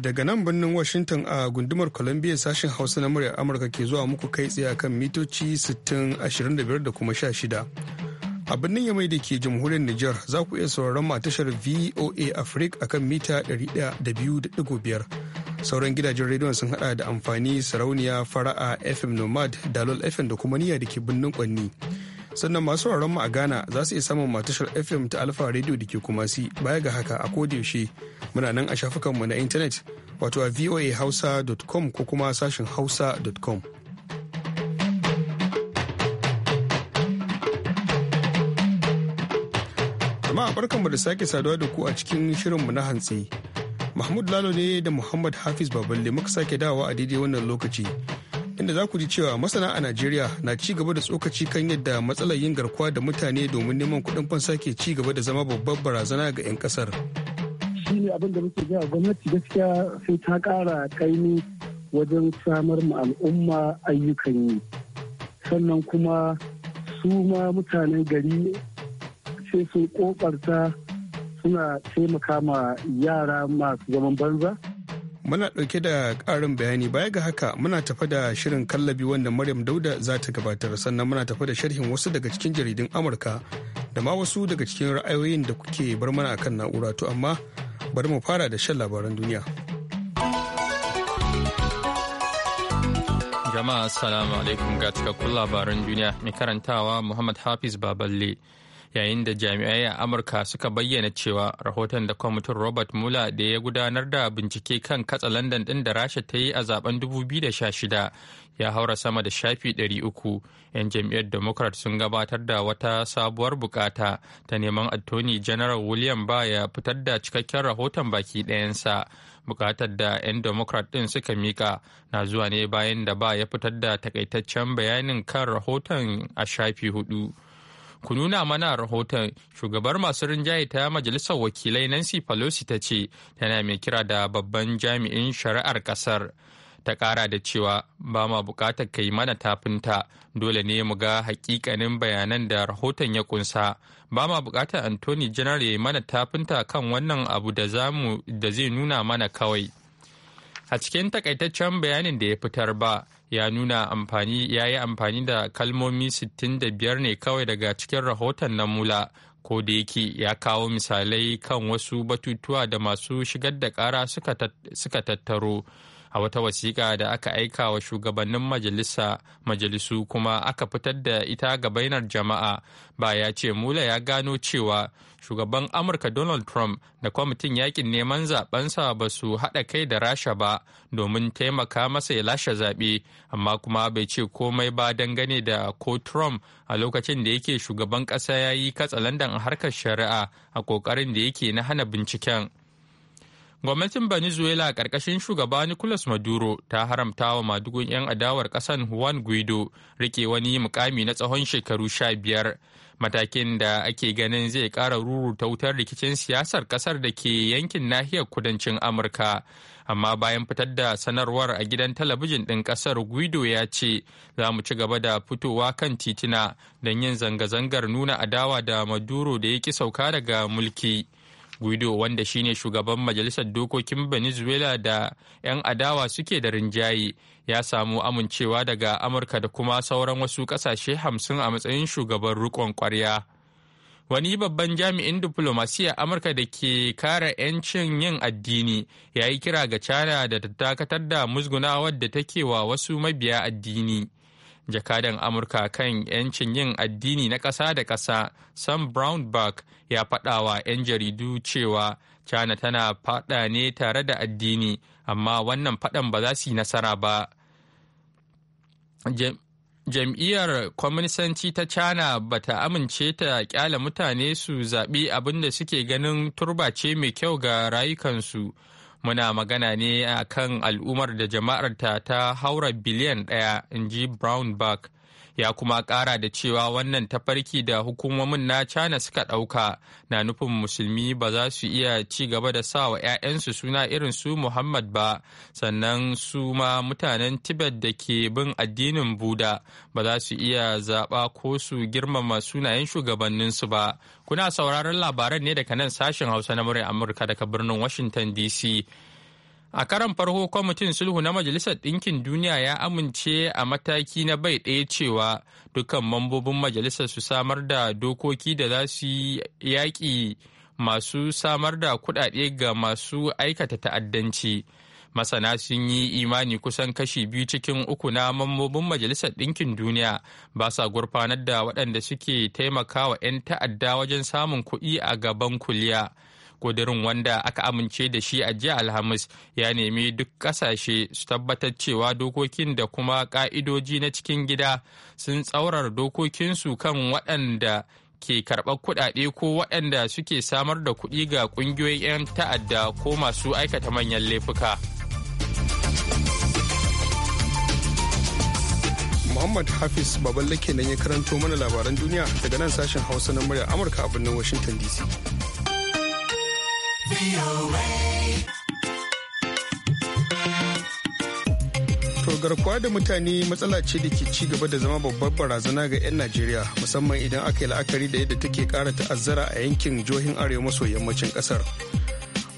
daga nan birnin washington a gundumar columbia sashen hausa na muryar amurka ke zuwa muku kai tsaye a kan mitoci 6025 da kuma 16 a birnin yamai da ke jamhuriyar niger za ku iya sauraron ma tashar voa africa akan mita 102.5 sauran gidajen rediyon sun hada da amfani sarauniya fara'a fm nomad dalol fm da kuma niyya da ke birnin kwanni sannan masu sauraron mu a Ghana za su iya samun matashar FM ta Alfa Radio da ke kuma si baya ga haka a yaushe muna nan a shafukanmu na intanet wato a voahausa.com ko kuma sashin hausa.com. Jama'a barkanmu da sake saduwa da ku a cikin shirinmu na hantsi. Mahmud Lalo ne da Muhammad Hafiz Baballe muka sake dawa a daidai wannan lokaci. inda za ku ji cewa masana a najeriya na ci gaba da tsokaci kan yadda matsalar yin garkuwa da mutane domin neman kuɗin fansa ke ci gaba da zama babbar barazana ga 'yan kasar. shi ne abin da muke gaya gwamnati gaskiya sai ta ƙara kaini wajen samar ma al'umma ayyukan yi sannan kuma su ma mutanen gari sai sun ƙoƙarta suna taimaka ma yara masu zaman banza Muna ɗauke da ƙarin bayani baya ga haka muna tafa da shirin kallabi wanda Maryam Dauda za ta gabatar sannan muna tafa da sharhin wasu daga cikin jaridun Amurka da ma wasu daga cikin ra'ayoyin da kuke bar mana akan na'ura to amma bari mu fara da shan labaran duniya. Jama'a assalamu alaikum ga cikakkun labaran duniya mai karantawa Muhammad Hafiz Baballe. yayin da jami'ai a amurka suka bayyana cewa rahoton da kwamitin robert mueller da ya gudanar da bincike kan katsa katsalandan din da rasha ta yi a zaben 2016 ya haura sama da shafi 300 'yan jam'iyyar democrat sun gabatar da wata sabuwar bukata ta neman attorney general william ba ya fitar da cikakken rahoton baki ɗayansa bukatar da 'yan democrat din suka mika na zuwa ne bayan da ba ya fitar da takaitaccen bayanin kan rahoton a shafi hudu. ku nuna mana rahoton shugabar masu rinjaye ta majalisar wakilai nancy pelosi ta ce tana mai kira da babban jami'in shari'ar kasar ta kara da cewa ba ma bukatar kai mana tafinta dole ne mu ga hakikanin bayanan da rahoton ya kunsa ba ma bukatar anthony general ya yi mana tafinta kan wannan abu da zamu da zai nuna mana kawai a cikin takaitaccen bayanin da ya fitar ba ya nuna amfani ya yi amfani da kalmomi 65 ne kawai daga cikin rahoton na mula ko da yake ya kawo misalai kan wasu batutuwa da masu shigar da kara suka tattaro. a wata wasiƙa da aka aika wa shugabannin majalisa majalisu kuma aka fitar da ita ga bainar jama'a ba ya ce mula ya gano cewa shugaban amurka donald trump da kwamitin yakin neman zabensa ba su haɗa kai da rasha ba domin taimaka masa ya lashe zaɓe amma kuma bai ce komai ba dangane da ko trump a lokacin da yake shugaban ƙasa ya yi katsalandan harkar shari'a a ƙoƙarin da yake na hana binciken Gwamnatin Venezuela a ƙarƙashin shugaba Nicolas Maduro ta haramta wa madugun 'yan adawar ƙasar Juan Guido rike wani mukami na tsawon shekaru sha biyar. Matakin da ake ganin zai ƙara ruruta wutar rikicin siyasar ƙasar da ke yankin nahiyar kudancin Amurka. Amma bayan fitar da sanarwar a gidan talabijin ɗin ƙasar Guido ya ce za mu ci gaba da fitowa kan titina don yin zanga-zangar nuna adawa da Maduro da ya ki sauka daga mulki. guido wanda shine shugaban majalisar dokokin venezuela da 'yan adawa suke da rinjaye ya samu amincewa daga amurka da kuma sauran wasu kasashe hamsin a matsayin shugaban rikon kwarya wani babban jami'in diflomasiyyar amurka da ke kare 'yancin yin addini ya yi kira ga china da ta dakatar da musgunawar da take wa wasu mabiya addini. jakadan amurka kan 'yancin yin addini na ƙasa da ƙasa sam brownback ya faɗawa 'yan jaridu cewa china tana faɗa ne tare da addini amma wannan faɗan ba za su yi nasara ba jam'iyyar kwaminisanci ta china ba ta amince ta kyala mutane su zaɓi abin da suke ganin turbace mai kyau ga rayukansu muna magana ne a kan al'ummar da jama'arta ta haura biliyan ɗaya in ji brownback ya kuma kara da cewa wannan tafarki da hukumomin na china suka ɗauka na nufin musulmi ba za su iya ci gaba da sa wa 'ya'yansu suna irin su muhammad ba sannan su ma mutanen tibet da ke bin addinin buda ba za su iya zaɓa ko su girmama sunayen shugabanninsu ba kuna sauraron labaran ne daga nan sashen hausa na murya amurka daga birnin washington dc A karan farko kwamitin sulhu na Majalisar Ɗinkin Duniya ya amince a mataki na bai ɗaya cewa dukkan mambobin majalisar su samar da dokoki da za su yi yaƙi masu samar da kuɗaɗe ga masu aikata ta'addanci. Masana sun yi imani kusan kashi biyu cikin uku na mambobin Majalisar Ɗinkin Duniya ba sa gurfanar da waɗanda suke wa 'yan ta'adda wajen samun kuɗi a gaban kuliya. kudirin wanda aka amince da shi a jiya alhamis ya nemi duk kasashe su tabbatar cewa dokokin da kuma ka'idoji na cikin gida sun tsaurar dokokinsu kan waɗanda ke karɓar kuɗaɗe ko waɗanda suke samar da kuɗi ga ƙungiyoyin 'yan ta'adda ko masu aikata manyan laifuka. Muhammad Hafiz Baballake nan ya karanto mana labaran duniya daga nan sashen Hausa na murya Amurka a birnin Washington DC. garkuwa da mutane matsala ce da ke ci gaba da zama babbar barazana ga 'yan najeriya musamman idan aka yi la'akari da yadda take kara ta'azzara a yankin jihohin arewa maso yammacin kasar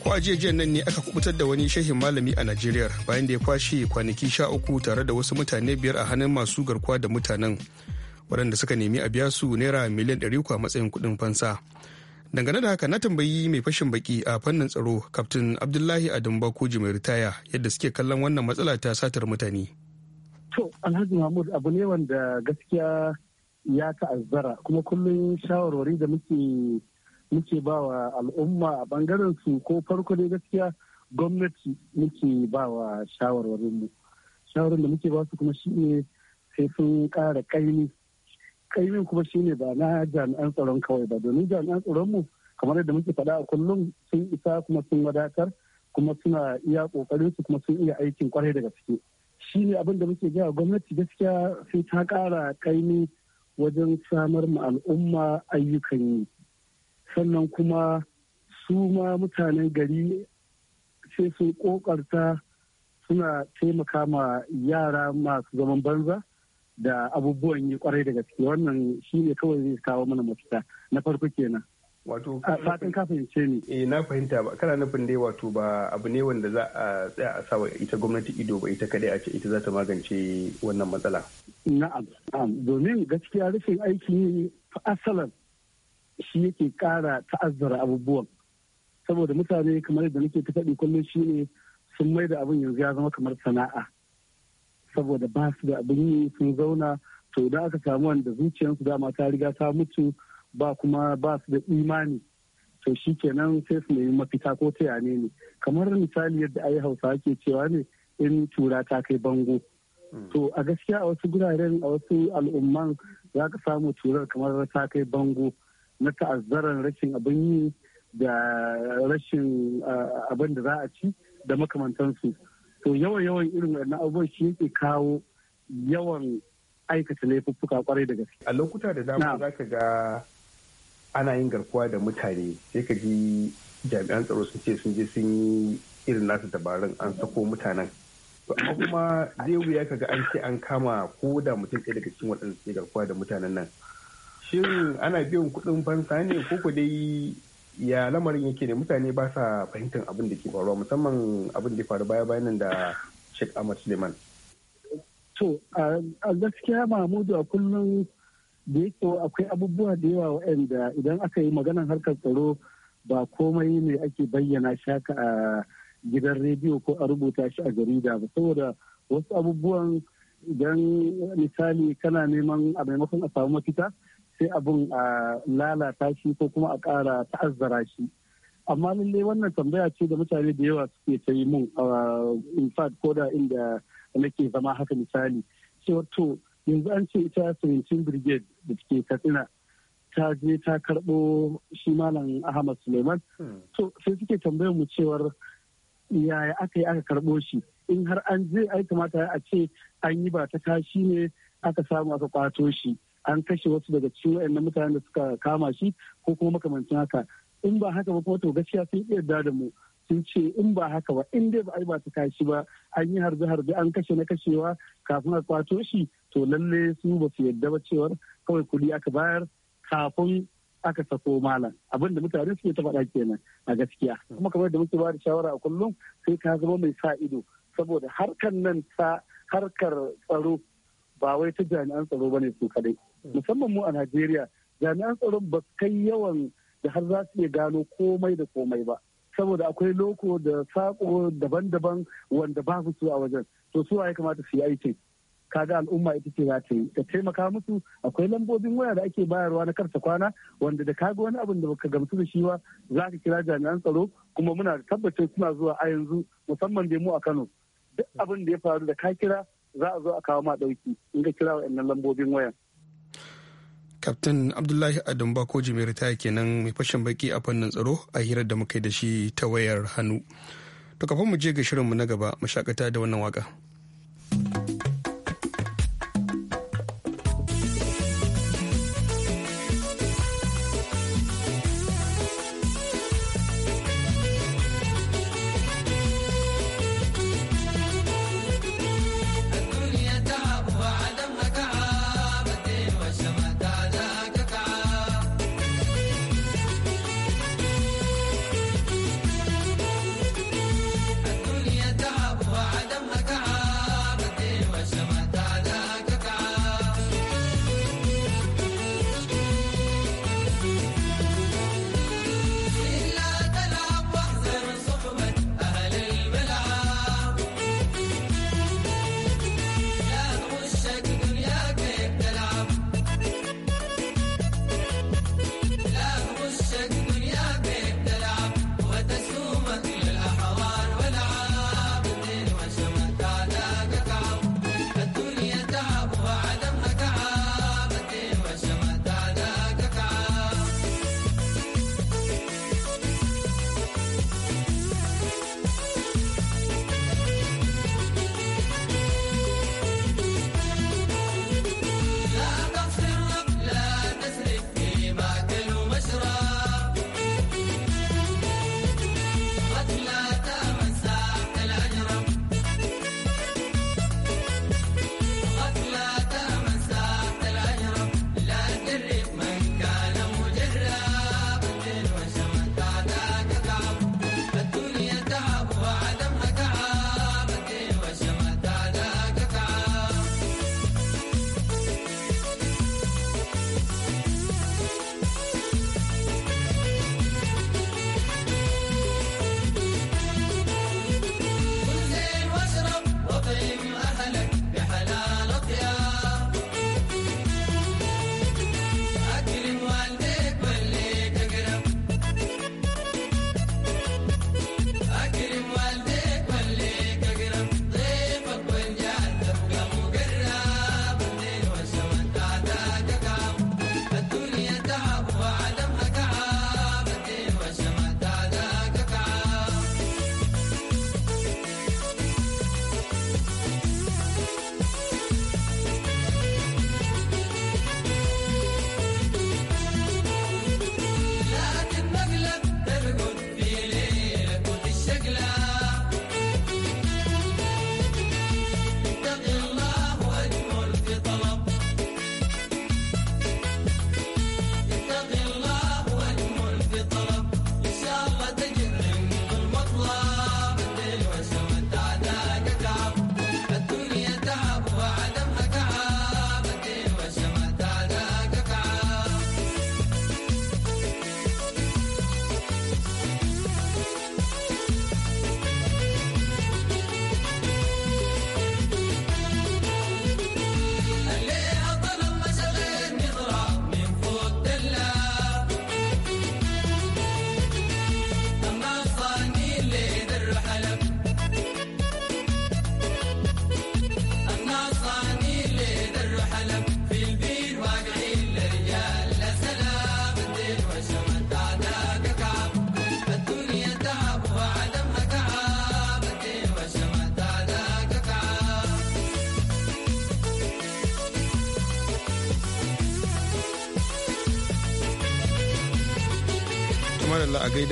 ko a jiya nan ne aka kubutar da wani shehin malami a najeriya bayan da ya kwashe kwanaki sha uku tare da wasu mutane biyar a hannun masu garkuwa da mutanen waɗanda suka nemi a biya su naira miliyan ɗari a matsayin kuɗin fansa dangane da haka na tambayi mai fashin baki a fannin tsaro kaftin abdullahi adamba koji mai ritaya yadda suke kallon wannan matsala ta satar mutane to alhaji mahmud abu ne wanda gaskiya ya ta'azzara kuma kullum shawarwari da muke muke ba al'umma a bangaren su ko farko dai gaskiya gwamnati muke ba shawarwarin mu shawarar da muke ba su kuma shi ne sai sun ƙara kaini kaimin kuma shine ba na jami'an tsaron kawai ba domin jami'an tsaron mu kamar yadda muke faɗa a kullum sun isa kuma sun wadatar kuma suna iya kokarin su kuma sun iya aikin kwarai daga ciki ne abin da muke gaya gwamnati gaskiya sai ta kara kaimi wajen samar ma al'umma ayyukan yi sannan kuma su ma mutanen gari sai sun ƙoƙarta suna taimaka ma yara masu zaman banza da abubuwan yi kwarai da gaske wannan shi ne kawai zai kawo mana mafita na farko kenan wato fatan ka fahimce ni eh na fahimta ba kana nufin dai wato ba abu ne wanda za a tsaya a sawa ita gwamnati ido ba ita kadai a ce ita za ta magance wannan matsala na'am na'am domin gaskiya rashin aiki asalan shi yake kara ta'azzara abubuwan saboda mutane kamar da nake ta faɗi kullum shine sun mai da abin yanzu ya zama kamar sana'a saboda ba su da abin yi sun zauna to da aka samu wanda zuciyarsu dama ta riga ta mutu ba kuma ba su da imani to shi kenan sai su nemi mafita ko ta yane ne kamar misali yadda ayi hausa ake cewa ne in tura ta kai bango hmm. to a gaskiya a wasu guraren a wasu al'umman za ka samu turar kamar ta kai bango na ta'azzaran rashin abin yi da rashin ah, abin da za a ci da makamantansu to yawan yawan irin wannan abubuwan shi yake kawo yawan aikata laifuffuka kwarai da gaske a lokuta da dama za ka ga ana yin garkuwa da mutane sai ka ji jami'an tsaro sun ce sun je sun yi irin nasu dabarun an sako mutanen amma kuma zai wuya ga an ce an kama ko da mutum ɗaya daga cikin waɗanda suke garkuwa da mutanen nan shin ana biyan kuɗin fansa ne ko ku dai ya lamarin yake ne mutane ba sa fahimtar abin da ke faruwa musamman abin da faru baya bayan da Sheikh Ahmad Suleiman. To a gaskiya Mahmudu a kullum da yake akwai abubuwa da yawa waɗanda idan aka yi maganar harkar tsaro ba komai ne ake bayyana shaka a gidan rediyo ko a rubuta shi a jarida ba saboda wasu abubuwan idan misali kana neman a maimakon a samu mafita sai abun a lalata shi ko kuma a kara ta'azzara shi amma lalle wannan tambaya ce da mutane da yawa suke ta yi mun in fact ko da inda nake zama haka misali cewa to yanzu an ce ita sirincin brigade da take katsina ta je ta karɓo shi malam ahmad suleiman hmm. to sai suke tambayar mu cewar yaya aka yi aka karbo shi in har an je ai kamata a ce an yi ba ta kashi ne aka samu aka kwato shi an kashe wasu daga cikin waɗannan mutanen da suka kama shi ko kuma makamancin haka in ba haka ba kuma to gaskiya sun iya da mu sun ce in ba haka ba in dai ba ai ba ta kashi ba an yi harbe harbe an kashe na kashewa kafin a kwato shi to lalle su ba su yadda ba cewar kawai kuɗi aka bayar kafin aka sako malam abinda mutane suke ta faɗa kenan a gaskiya kuma kamar da muke ba da shawara a kullum sai ka zama mai sa ido saboda harkar nan ta harkar tsaro ba wai ta jami'an tsaro ne su kadai musamman mu a najeriya jami'an tsaron ba kai yawan da har za su iya gano komai da komai ba saboda akwai loko da sako daban-daban wanda ba su a wajen to su ya kamata su yi aiki kaga al'umma ita ce za ta yi ta taimaka musu akwai lambobin waya da ake bayarwa na karta kwana wanda da kaga wani abin da baka gamsu da shi ba za ka kira jami'an tsaro kuma muna da tabbacin suna zuwa a yanzu musamman da mu a Kano duk abin da ya faru da ka kira za a zo a kawo ma dauki in ka kira wa'annan lambobin waya. Kaftin Abdullahi Adam ko Jimir ta kenan mai fashin baki a fannin tsaro a hirar da muka yi da shi ta wayar hannu. To kafin mu je ga shirinmu na gaba mu shakata da wannan waka.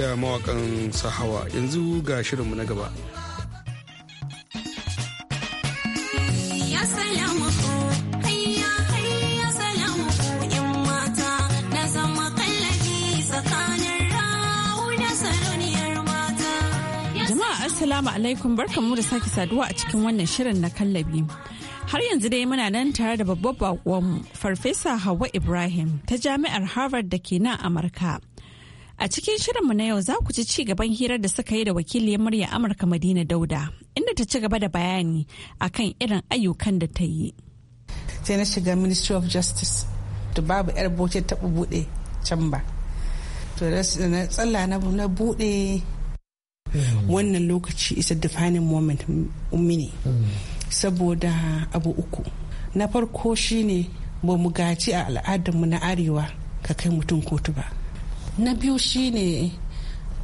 da mawakan sahawa yanzu ga shirinmu na gaba. jama'a Assalamu alaikum barkanmu da sake saduwa a cikin wannan shirin na kallabi. Har yanzu dai muna nan tare da babbar baƙonmu Farfesa Hawa Ibrahim ta Jami'ar Harvard da ke nan Amurka. A cikin shirinmu na yau za ku ci ci gaban hirar da suka yi da wakiliyar murya Amurka Madina Dauda, inda ta ci gaba da bayani a kan irin ayyukan da ta yi. Sai na shiga Ministry of Justice, da babu 'yar boce taɓa buɗe can ba. To na tsalla na buɗe wannan lokaci isa defining moment ummi Saboda abu uku. Na farko shine ba mu gaji a al'adarmu na arewa ka kai mutum kotu ba. na biyu shine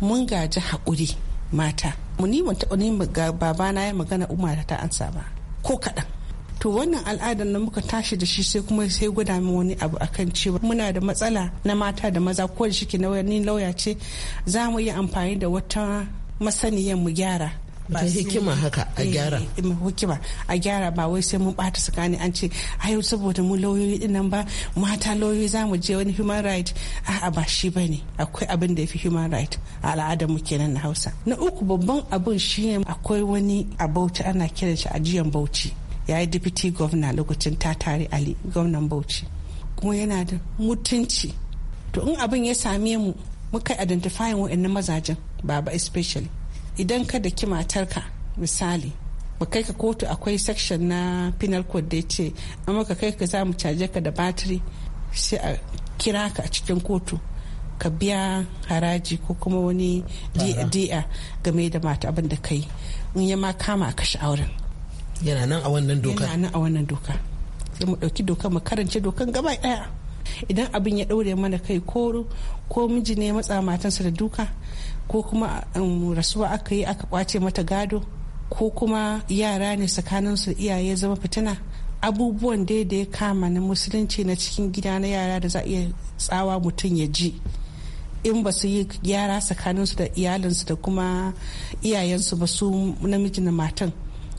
mun gaji haƙuri mata mu ni mun taɓa ni babana ya magana umar ta ansa ba ko kaɗan to wannan al'adar da muka tashi da shi sai kuma sai gwada min wani abu akan cewa muna da matsala na mata da maza ko da shi ke ni lauya ce za mu yi amfani da wata masaniyan mu gyara ba hikima haka a eh, gyara eh, hikima a gyara ba wai sai mun bata tsakani an ce saboda mu lauyoyi din nan ba mata lauyoyi za mu je wani human right a ba shi ba ne akwai abin da yafi human right a al'adar mu kenan na Hausa na uku babban abin ne. akwai wani a Bauchi ana kiran shi ajiyan Bauchi yayi deputy governor lokacin ta tare Ali gwamnan Bauchi kuma yana da mutunci to in abin ya same mu muka identifying wa'annan mazajen baba especially idan ka daki matarka misali ba kai ka kotu akwai section na penal code da ya ce amma ka kai ka za mu caje ka da batiri sai a kira ka a cikin kotu ka biya haraji ko kuma wani di'a game da mata abin da kai in ya ma kama ka auren yana nan a wannan doka yana nan a wannan doka sai mu dauki doka mu karance dokan gaba daya idan abin ya daure mana kai ko ko miji ne matsa matansa da duka ko kuma um, rasuwa aka yi aka kwace mata gado ko kuma yara ne tsakaninsu iyaye zama fitina abubuwan dai da ya kama na musulunci na cikin gida na yara da za a iya tsawa mutum ya ji in ba su yi yara tsakaninsu da iyalinsu da kuma iyayensu ba su namiji na matan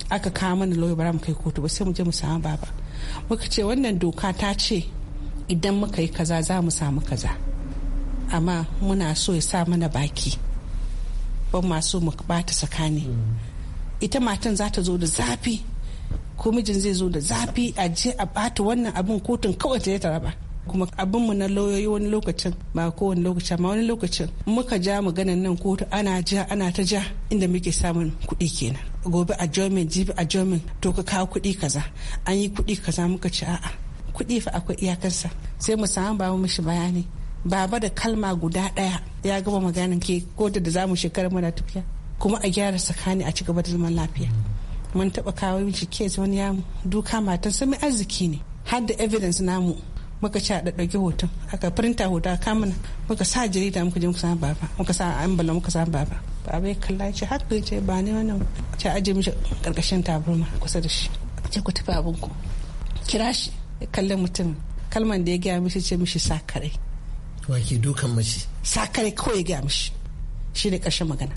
aka kama mana lauyi bara mu kai kotu ba sai mu je mu samu baba muka ce wannan doka ta ce idan muka yi kaza za mu samu kaza amma muna so ya sa mana baki ban masu mu bata sakani ita matan za ta zo da zafi ko mijin zai zo da zafi a je a bata wannan abin kotun kawai ta ta raba kuma abin mu na lauyoyi wani lokacin ba ko wani lokaci amma wani lokacin muka ja maganan nan kotu ana ja ana ta ja inda muke samun kuɗi kenan gobe a jomin jibi a jomin to ka kawo kuɗi kaza an yi kuɗi kaza muka ci a'a kuɗi fa akwai iyakarsa sai mu samu ba mu mishi bayani baba da kalma guda ɗaya ya gama maganin ke ko da zamu shekarar mana tafiya kuma a gyara sakani a cigaba da zaman lafiya mun taba kawo mishi kes wani ya duka matan sun mai arziki ne har da evidence namu muka ci a ɗaɗɗauki hoton aka printa hoton aka mana muka sa jarida muka je muka sa baba muka sa ambala muka sa baba baba ya kalla ce haka ce ba ne wannan ce aje mishi karkashin tabarma kusa da shi ce ku tafi abinku kira shi ya kalli mutum kalman da ya gaya mishi ce mishi sa kare wake dukan mace kare kawai ga mishi shi ne ƙarshen magana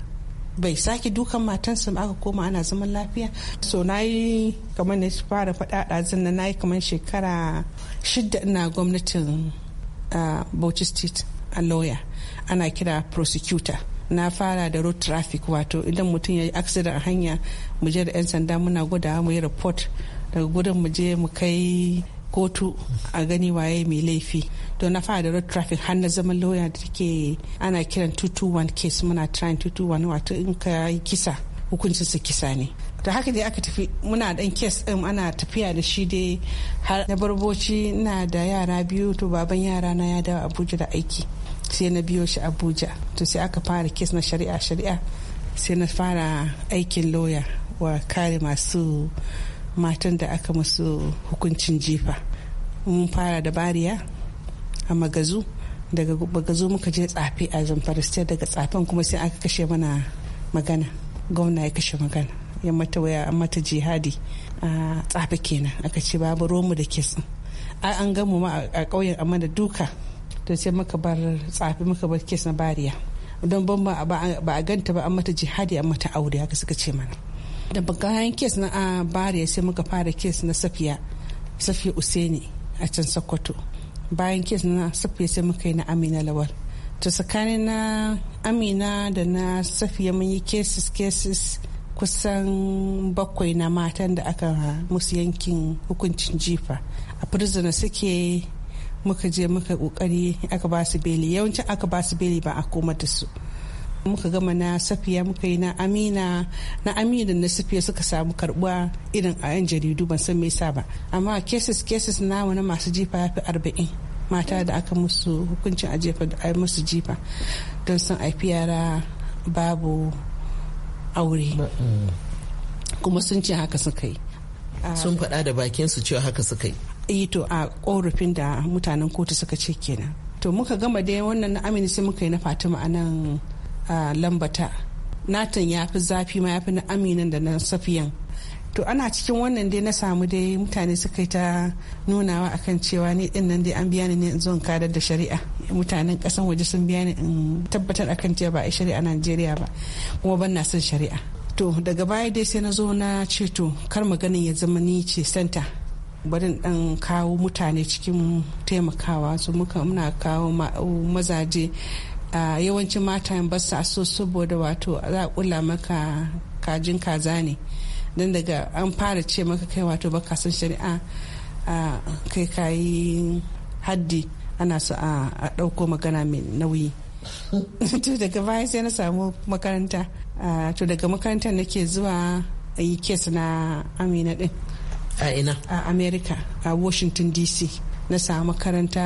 bai sake dukan matansa ba aka koma ana zaman lafiya so na yi kamar na fara faɗa ɗazin na yi kamar shekara shidda ina gwamnatin ah, bauchi state a lawyer ana kira prosecutor na fara da road traffic wato idan mutum ya yi accident a hanya mu da 'yan sanda muna gudawa mu yi report daga gudun muje mu kai kotu a gani waye mai laifi to na fara da road traffic har na zama lauya da take ana kiran 221 case muna trying 221 wato in ka yi kisa hukuncin su kisa ne da haka dai aka tafi muna dan kes din ana tafiya da shi dai har na barboci na da yara biyu to baban yara na ya dawo abuja da aiki sai na biyo shi abuja to sai aka fara kes na shari'a shari'a sai na fara aikin lauya wa kare masu matan da aka masu hukuncin jifa mun fara da bariya a magazu daga magazu muka je tsafi a zamfara state daga tsafin kuma sai aka kashe mana magana gwamna ya kashe magana ya mata waya an mata jihadi a tsafi kenan aka ce babu romu da kes ai an gamu ma a ƙauyen amma da duka to sai muka bar tsafi muka bar kes na bariya don ban ba a ganta ba an mata jihadi an mata aure haka suka ce mana da bayan kes na a ah, bariya sai muka fara kes na safiya safiya useni a can sokoto bayan kes na safiya sai muka yi na amina lawal to tsakanin na amina da na safiya mun yi cases cases kusan bakwai na matan da aka musu yankin hukuncin jifa a prisoner suke muka je muka kokari aka ba su beli yawancin aka ba su beli ba a koma da su muka gama na safiya muka yi na amina na amina na safiya suka samu karbuwa irin a yan jaridu ban san me yasa ba amma cases cases na wani masu jifa ya fi arba'in mata da aka musu hukuncin a jefa da ai musu jifa don san aifi yara babu aure mm. kuma sun ce haka suka yi sun faɗa da bakin su cewa haka suka yi yi e, to a korafin da mutanen kotu suka ce kenan to muka gama dai wannan na amini sai muka yi na fatima a nan a lambata natan ya fi zafi ma ya fi na aminan da na safiyan to ana cikin wannan dai na samu dai mutane suka yi ta nunawa akan cewa ni din nan dai an biya ni ne in zo kadar da shari'a mutanen kasan waje sun biya ni in tabbatar akan cewa ba a shari'a Najeriya ba kuma ban na son shari'a to daga baya dai sai na zo na ce to kar maganin ya zama ni ce santa bari dan kawo mutane cikin taimakawa su muka muna kawo mazaje a yawancin mata ba su so saboda wato za kula maka kajin kaza ne don daga an fara ce maka kai wato baka san shari'a kai kayi haddi ana so a ɗauko magana mai nauyi to daga baya sai na samu makaranta to daga na nake zuwa yi kes na amina din a ina a america a washington dc na samu makaranta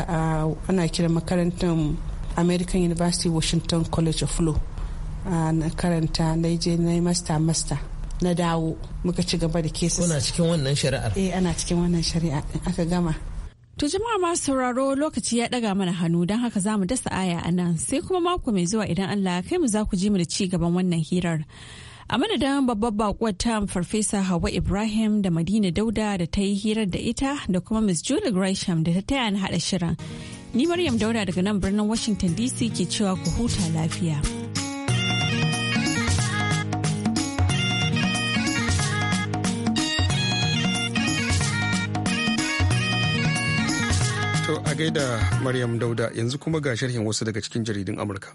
ana kiran makarantar american university washington college of law ah, na karanta na je na yi master master na dawo muka ci gaba da kesa kuna cikin wannan shari'ar eh ana cikin wannan shari'a aka gama To jama'a masu sauraro lokaci ya ɗaga mana hannu don haka za mu dasa aya a nan sai kuma mako mai zuwa idan Allah kai mu za ku ji mu da ci gaban wannan hirar. A mana madadin babbar bakuwar ta Farfesa Hawa Ibrahim da Madina Dauda da ta yi hirar da ita da kuma Miss Julie Gresham da ta taya ni hada shirin. Ni Maryam Dauda daga nan birnin Washington DC ke cewa ku huta lafiya. To a gaida Maryam Dauda yanzu kuma ga sharhin wasu daga cikin jaridun Amurka.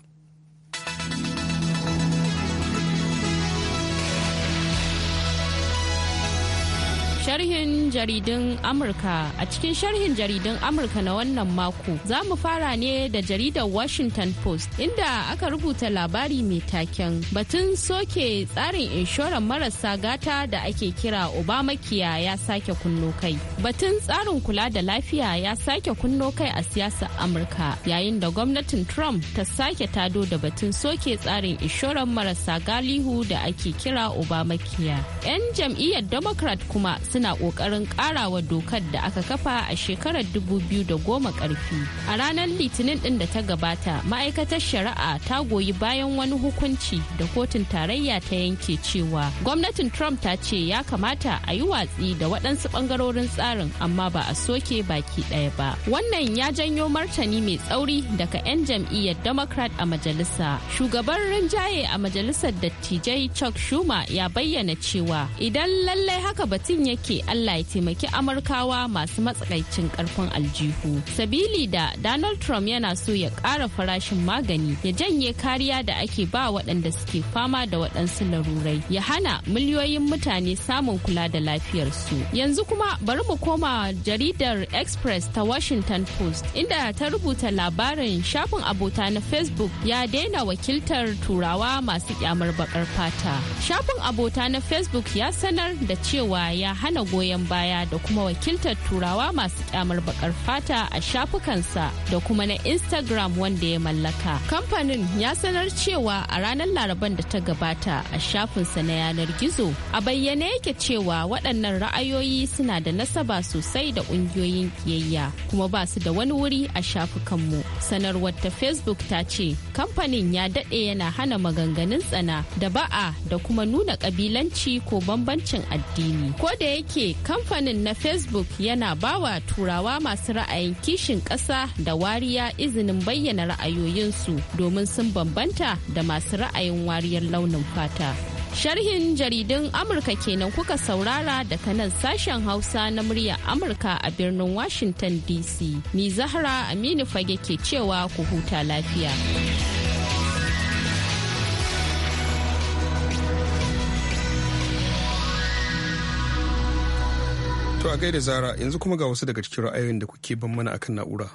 sharhin jaridun Amurka. A cikin sharhin jaridun Amurka na wannan mako, za mu fara ne da jaridar Washington Post, inda aka rubuta labari mai taken batun soke tsarin inshoran marasa gata da ake kira obamakiya ya sake kunno kai. Batun tsarin kula da lafiya ya sake kunno kai a siyasar Amurka, yayin da gwamnatin Trump ta sake tado da batun soke tsarin inshoran marasa galihu da ake kira obamakiya 'Yan jam'iyyar Democrat kuma suna ƙoƙarin ƙarawa dokar da aka kafa a shekarar 2010 karfi A ranar Litinin ɗin da ta gabata, ma'aikatar shari'a ta goyi bayan wani hukunci da kotun tarayya ta yanke cewa gwamnatin Trump ta ce ya kamata a yi watsi da waɗansu ɓangarorin tsarin amma ba a soke baki ɗaya ba. Wannan ya janyo martani mai tsauri daga 'yan jam'iyyar Democrat a majalisa. Shugaban rinjaye a majalisar dattijai Chuck Schumer ya bayyana cewa idan lallai haka batun ya. yake Allah ya taimaki Amurkawa masu matsakaicin karfin aljihu. Sabili da Donald Trump yana so ya ƙara farashin magani ya janye kariya da ake ba waɗanda suke fama da waɗansu larurai ya hana miliyoyin mutane samun kula da lafiyarsu. Yanzu kuma bari mu koma jaridar Express ta Washington Post inda ta rubuta labarin shafin abota na Facebook ya daina wakiltar turawa masu kyamar baƙar fata. Shafin abota na Facebook ya sanar da cewa ya hana hana goyon baya da kuma wakiltar turawa masu kyamar bakar fata a shafukansa da kuma na Instagram wanda ya mallaka. Kamfanin ya sanar cewa a ranar Laraban da ta gabata a shafinsa na yanar gizo a bayyane yake cewa waɗannan ra'ayoyi suna da nasaba sosai da ƙungiyoyin kiyayya kuma ba su da wani wuri a shafukanmu. Sanarwar ta Facebook ta ce kamfanin ya daɗe yana hana maganganun tsana da ba'a da kuma nuna ƙabilanci ko bambancin addini. Ko da yake kamfanin na facebook yana bawa turawa masu ra'ayin kishin ƙasa da wariya izinin bayyana ra'ayoyinsu domin sun bambanta da masu ra'ayin wariyar launin fata sharhin jaridun amurka kenan kuka saurara daga nan sashen hausa na murya amurka a birnin washington dc ni zahra aminu fage ke cewa ku huta lafiya To a gaida Zara yanzu kuma ga wasu daga cikin ra'ayoyin da kuke ban mana akan na'ura.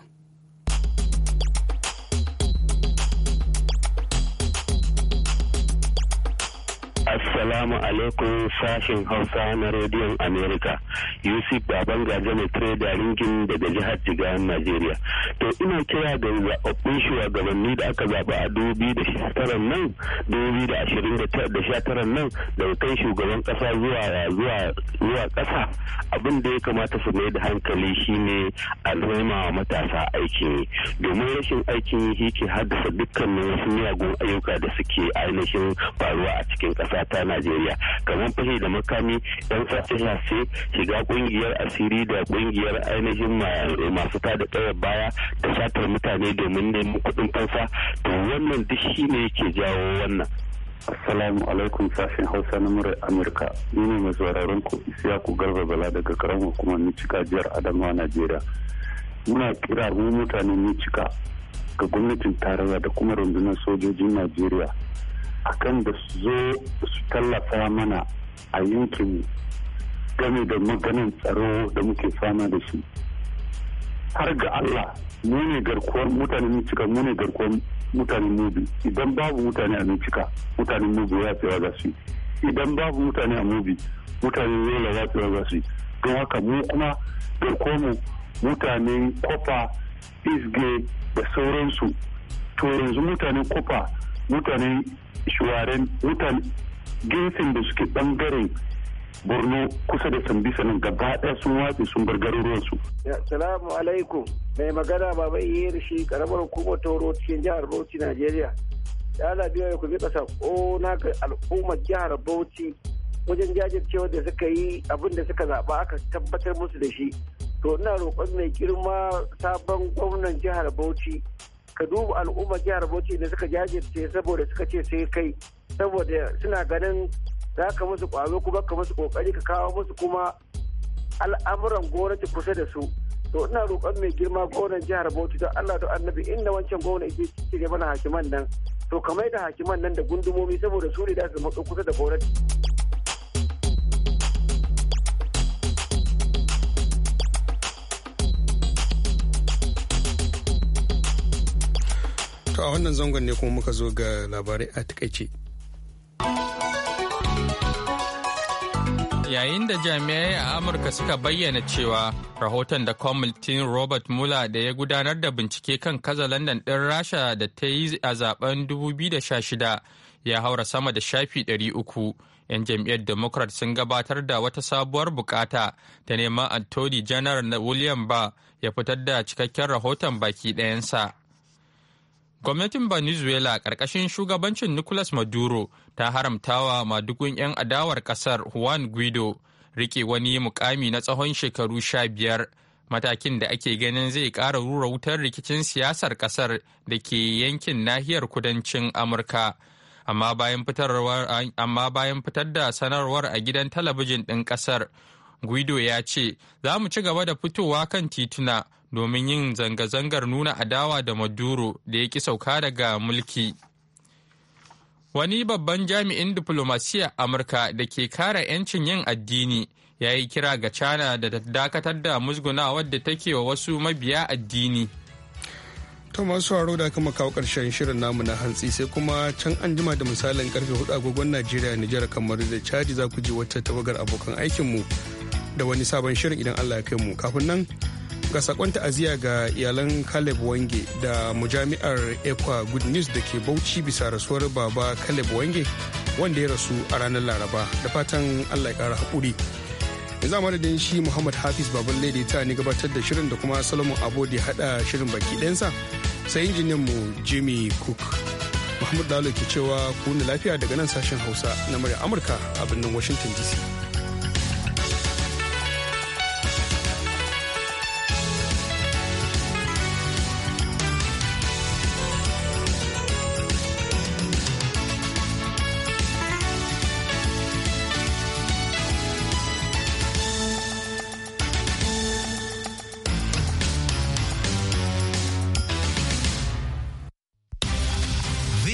Assalamu alaikum sashen Hausa na rediyon america Yusuf Baban Gaje mai Trader Ringin daga jihar Jigawan Najeriya. To ina kira ga zaɓaɓɓun shugabanni da aka zaɓa a dubi da nan, dubi da ashirin da nan daga kai shugaban ƙasa zuwa zuwa zuwa ƙasa. Abin da ya kamata su mai da hankali shine a zama wa matasa aikin yi. Domin rashin aikin yi shi ke haddasa dukkanin wasu miyagun ayyuka da suke ainihin faruwa a cikin ƙasa ta najeriya kamar fashe da makami yan sace-sace shiga ƙungiyar asiri da ƙungiyar ainihin masu tada tsayar baya da satar mutane domin neman kuɗin fansa to wannan duk shine yake jawo wannan Assalamu alaikum sashen Hausa na murar Amurka. Ni ne mai sauraron ku ku Garba Bala daga karamar hukumar Nicika jihar Adamawa Najeriya. Muna kira mu mutanen Nicika ga gwamnatin tarayya da kuma rundunar sojojin Najeriya akan da su zo su tallafa mana a yankin game da maganin tsaro da muke fama da shi har ga Allah mu ne garkuwar mutane Mincika mu ne garkuwar mutanen mubi idan babu mutane a Mincika mutanen mubi ya tsaye za su idan babu mutane a mubi mutanen yola ya tsaye za su don haka mu kuma garkuwar mu mutanen kofa isge da sauransu to yanzu mutanen kofa mutanen shuwaren mutan ginsin da suke bangaren borno kusa da sambisa nan gaba ɗaya sun watsi sun bar garuruwansu. salamu alaikum mai magana baba da shi karamar hukumar tauro cikin jihar bauchi najeriya ya ala biyu ku bi kasa ko na ga al'ummar jihar bauchi wajen jajircewa da suka yi abin da suka zaɓa aka tabbatar musu da shi to ina roƙon mai girma sabon gwamnan jihar bauchi ka duba al'ummar jihar bauchi da suka jajirce saboda suka ce sai kai saboda suna ganin za ka musu kwazo kuma ka musu kokari ka kawo musu kuma al'amuran gwamnati kusa da su to ina roƙon mai girma gwamnan jihar bauchi don allah da annabi inda wancan gwamna yake cire mana hakiman nan to kamar da hakiman nan da gundumomi saboda su ne da su matso kusa da gwamnati. To a wannan zangon ne kuma muka zo ga labarai a takaice. Yayin da jami'ai a Amurka suka bayyana cewa rahoton da kwamitin Robert Mueller da ya gudanar da bincike kan kaza london ɗin Rasha da ta yi a zaben 2016 ya haura sama da shafi 300. 'Yan jam'iyyar Democrat sun gabatar da wata sabuwar bukata ta neman Attorney General William Barr ya fitar da cikakken rahoton baki ɗayansa. Gwamnatin Venezuela ƙarƙashin shugabancin Nicolas Maduro ta haramtawa madugun 'yan adawar ƙasar Juan Guido rike wani mukami na tsawon shekaru sha biyar matakin da ake ganin zai ƙara rura wutar rikicin siyasar ƙasar da ke yankin nahiyar kudancin Amurka. Amma bayan fitar da sanarwar a gidan talabijin ɗin ƙasar, Guido ya ce, za mu ci gaba da fitowa kan tituna domin yin zanga-zangar nuna adawa da maduro da ya ki sauka daga mulki wani babban jami'in diflomasiyyar amurka da ke kara 'yancin yin addini ya yi kira ga china da dakatar da musgunawar da take wa wasu mabiya addini thomas Suwaro da kama kawo karshen shirin namu na hantsi sai kuma can an jima da misalin karfe hudu agogon najeriya nijar kamar da caji za ku ji wata tawagar abokan aikinmu da wani sabon shirin idan allah ya kai mu kafin nan ga sakon ta'aziyya ga iyalan Caleb Wange da mujami'ar Ekwa Good News da ke Bauchi bisa rasuwar baba Caleb Wange wanda ya rasu a ranar Laraba da fatan Allah ya kara haƙuri. Yanzu madadin shi Muhammad Hafiz Baban Lady ta ni gabatar da shirin da kuma salomon Abo da haɗa shirin baki ɗansa sai injiniyan mu Jimmy Cook. Muhammad Dalo ke cewa ku lafiya daga nan sashen Hausa na murya Amurka a birnin Washington DC.